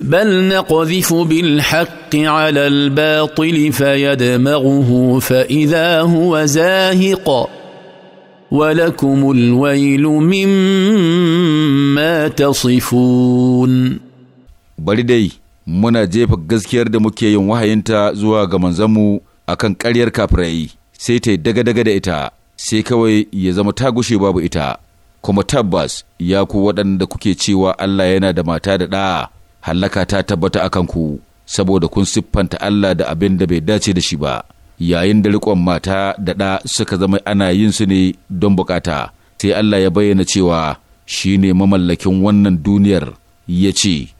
بل نقذف بالحق على الباطل فيدمغه فاذا هو زاهق ولكم الويل مما تصفون bari dai muna jefa gaskiyar da muke yin wahayinta zuwa ga manzanmu akan ƙaryar kafirai sai ta yi daga-daga da ita sai kawai ya zama ta gushe babu ita kuma tabbas ya ku waɗanda kuke cewa Allah yana da mata da ɗa hallaka ta tabbata a kanku saboda kun siffanta Allah da abin da bai dace da shi ba yayin da riƙon mata da ɗa suka zama ana yin su ne don bukata sai Allah ya bayyana cewa shi ne mamallakin wannan duniyar ya ce